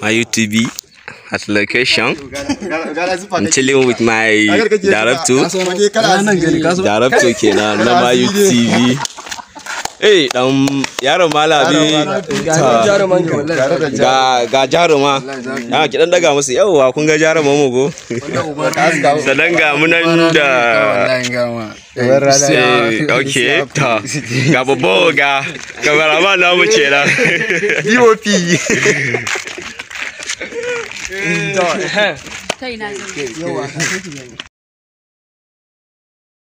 my YouTube at location I'm chilling with my director director okay, now na my YouTube Hey, um, yaro malabi. yaron malami ga ga jaruma a ah, ki dan daga musu yauwa kun ga jaruma mu go sanan ga munan da okay ta ga bobo ga kameraman namu Di opi. haka